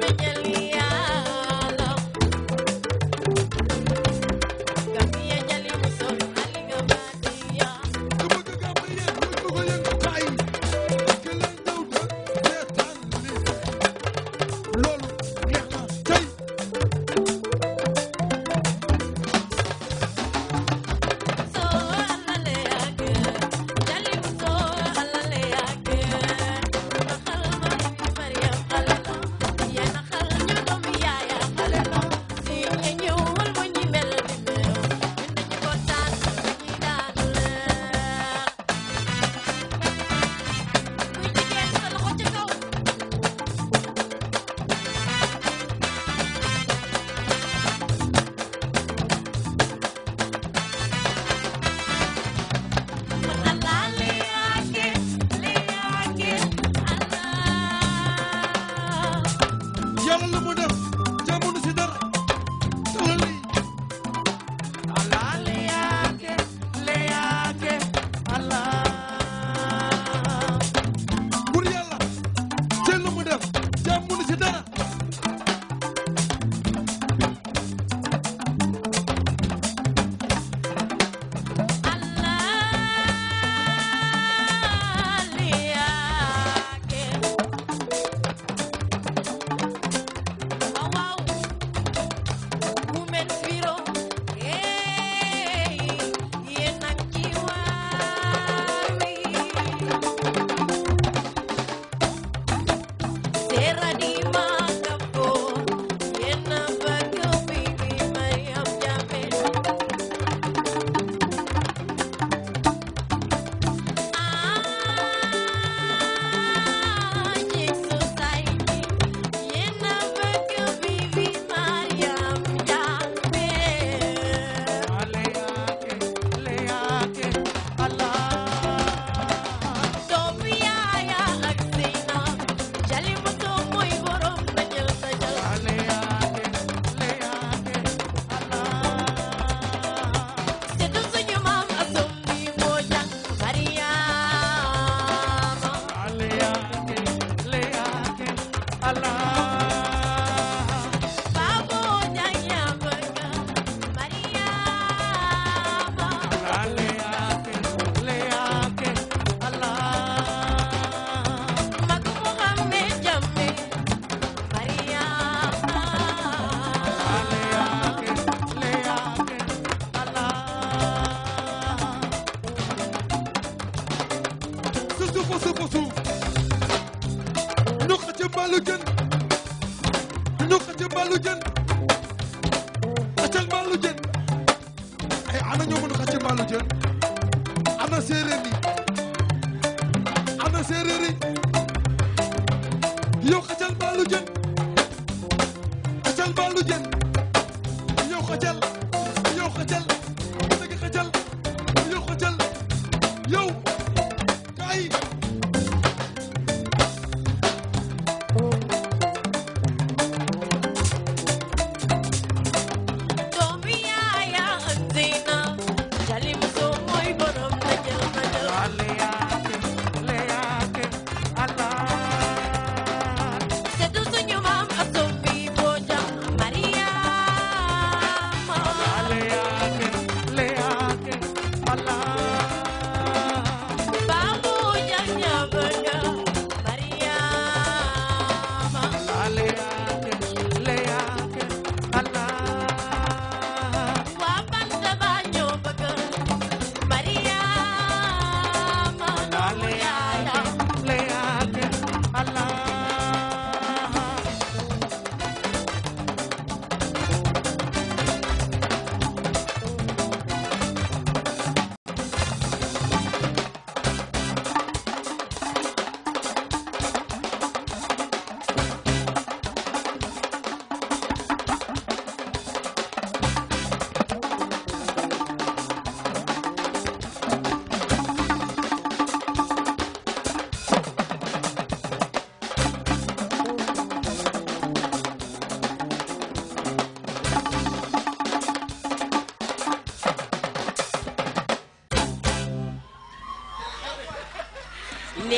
Thank you. mbalu jën ñu xëcc mbalu jën xëccal mbalu jën ay ana ñu mën xëcc mbalu jën ana séeréer yi ana séeréer yi yow xëccal mbalu jën xëccal mbalu jën yow xëccal yow xëccal dëgg xëccal yow xëccal yow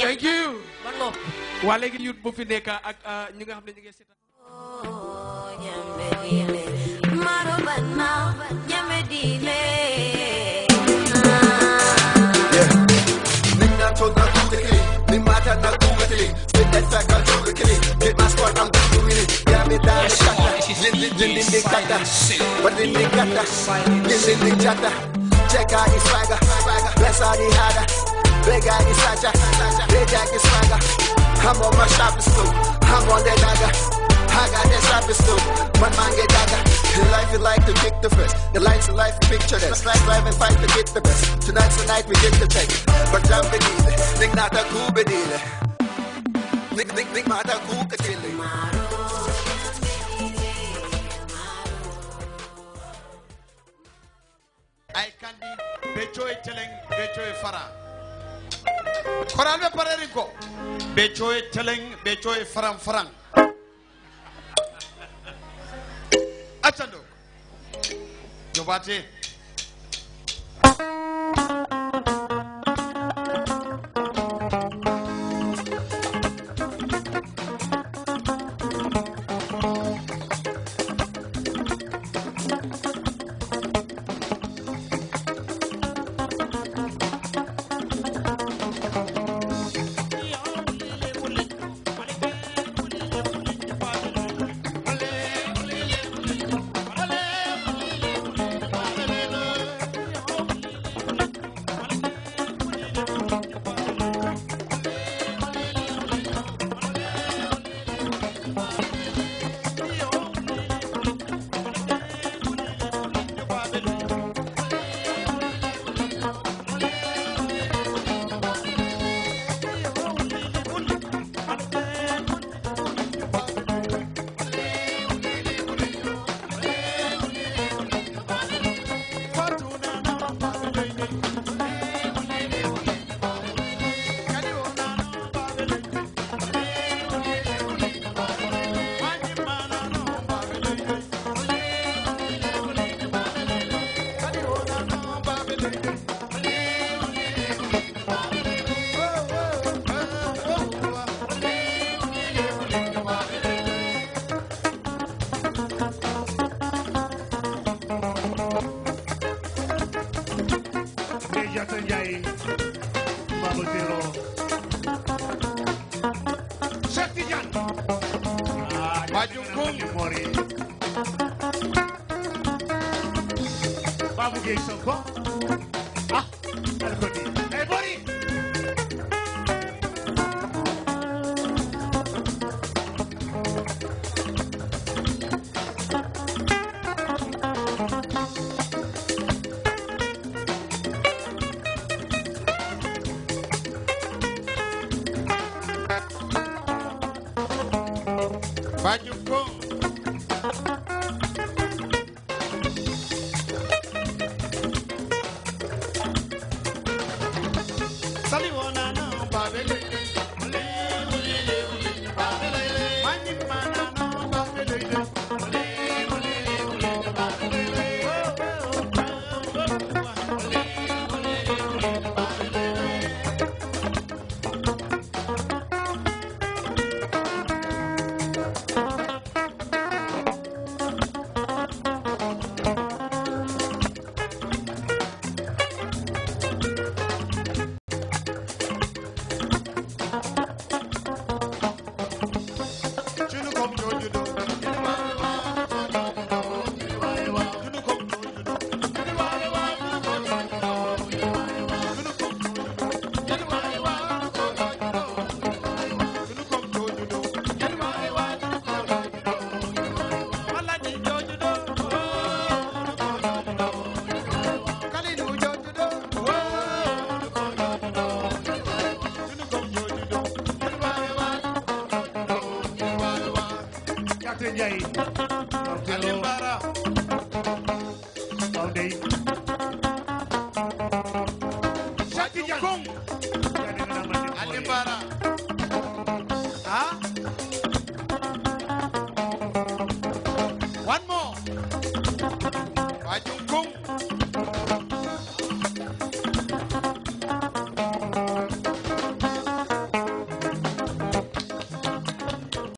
thank you waa léegi yut bu fi nekk ak ñi nga xam ne ngi seetaan Check out his swagger, swagger, bless all the harder Big Aggie Sacha, Big Aggie Swagger. I'm on my shopping stool, I'm on that dagger. I got that shopping stool, my mind get dagger. The life is like to kick the first. The life's a life, picture this. Life, life, and fight to get the best. Tonight's the night we get the check. But jump it easy, think not a cool bit either. Nick, nick, nick, mata kuka chili. I can be Bejoy telling Bejoy Farah. koral ɓe pareri ko ɓe coye teleng ɓe coye faran faran accando jobate Babuguei Sancó. Ah, Everybody. É, Vai de DJ.